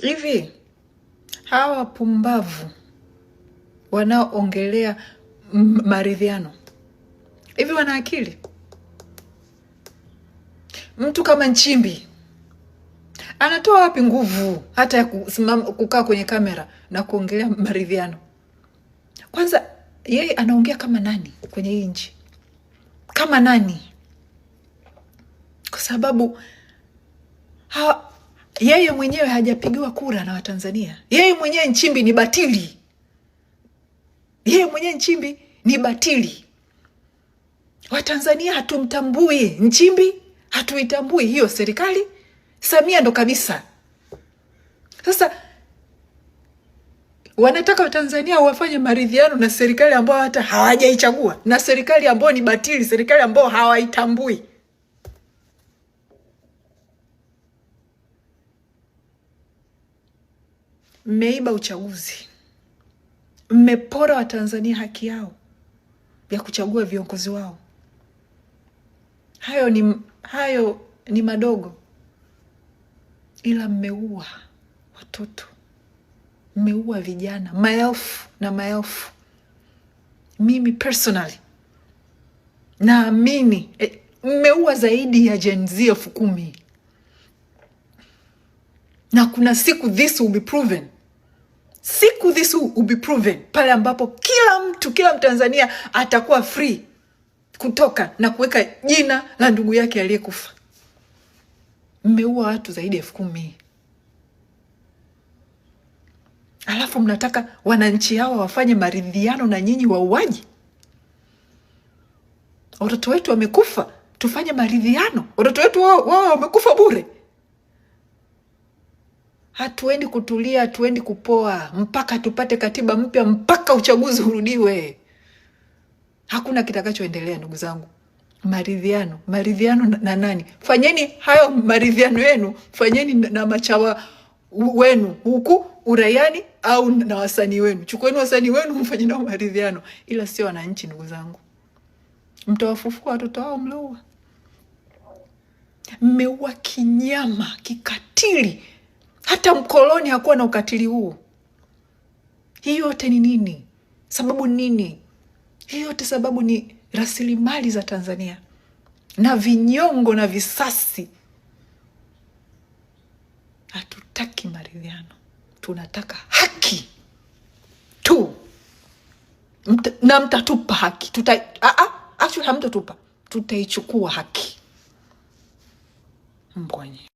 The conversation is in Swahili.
Hivi hawa wapumbavu wanaoongelea maridhiano hivi wana akili? Mtu kama Nchimbi anatoa wapi nguvu hata ya kusimama kukaa kwenye kamera na kuongelea maridhiano? Kwanza yeye anaongea kama nani kwenye hii nchi, kama nani? Kwa sababu yeye mwenyewe hajapigiwa kura na Watanzania. Yeye mwenyewe Nchimbi ni batili, yeye mwenyewe Nchimbi ni batili. Watanzania hatumtambui Nchimbi, hatuitambui hiyo serikali. Samia ndo kabisa. Sasa wanataka Watanzania wafanye maridhiano na serikali ambayo hata hawajaichagua na serikali ambayo ni batili, serikali ambayo hawaitambui. Mmeiba uchaguzi, mmepora Watanzania haki yao ya kuchagua viongozi wao. Hayo ni, hayo ni madogo, ila mmeua watoto, mmeua vijana maelfu na maelfu. Mimi personally naamini eh, mmeua zaidi ya Gen Z elfu kumi na kuna siku this will be proven siku this will be proven, pale ambapo kila mtu kila Mtanzania atakuwa free kutoka na kuweka jina la ndugu yake aliyekufa. Mmeua watu zaidi ya elfu kumi alafu mnataka wananchi hawa wafanye maridhiano na nyinyi wauaji? Watoto wetu wamekufa, tufanye maridhiano? Watoto wetu wao wamekufa bure? hatuendi kutulia, hatuendi kupoa mpaka tupate katiba mpya, mpaka uchaguzi urudiwe. Hakuna kitakachoendelea ndugu zangu. Maridhiano, maridhiano na nani? Fanyeni hayo maridhiano yenu, fanyeni na machawa wenu huku uraiani, au na wasanii wenu. Chukueni wasanii wenu mfanye nao maridhiano, ila sio wananchi. Ndugu zangu, mtawafufua watoto wao mloua. Mmeua kinyama kikatili hata mkoloni hakuwa na ukatili huu. Hii yote ni nini? Sababu nini? Hii yote sababu ni rasilimali za Tanzania na vinyongo na visasi. Hatutaki maridhiano, tunataka haki tu Mta, na mtatupa haki tuta, hamtatupa, tutaichukua haki mbwanye